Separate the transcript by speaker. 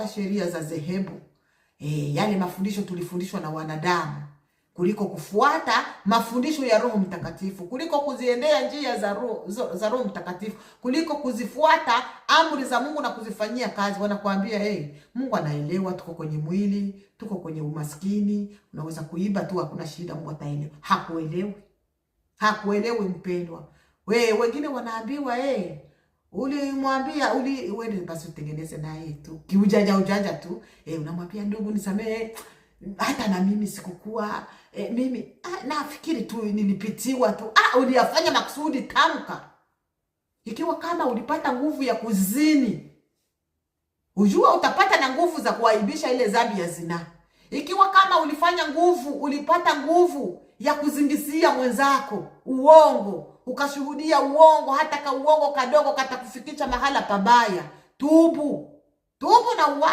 Speaker 1: mpaka sheria za dhehebu e, yale mafundisho tulifundishwa na wanadamu kuliko kufuata mafundisho ya Roho Mtakatifu, kuliko kuziendea njia za Roho za Roho Mtakatifu, kuliko kuzifuata amri za Mungu na kuzifanyia kazi. Wanakuambia hey, Mungu anaelewa, tuko kwenye mwili, tuko kwenye umaskini, unaweza kuiba tu, hakuna shida, Mungu ataelewa. Hakuelewi, hakuelewi mpendwa. We, wengine wanaambiwa hey, Ulimwambia uli wewe basi utengeneze naye tu kiujanja ujanja tu eh, unamwambia ndugu, nisamehe hata na mimi sikukuwa e, mimi ah, nafikiri tu nilipitiwa tu. Ah, uliyafanya makusudi, tamka. Ikiwa kama ulipata nguvu ya kuzini, ujua utapata na nguvu za kuaibisha ile zambi ya zinaa. Ikiwa kama ulifanya nguvu, ulipata nguvu ya kuzingizia mwenzako uongo, ukashuhudia uongo, hata ka uongo kadogo katakufikisha mahala pabaya, tubu, tubu na uwa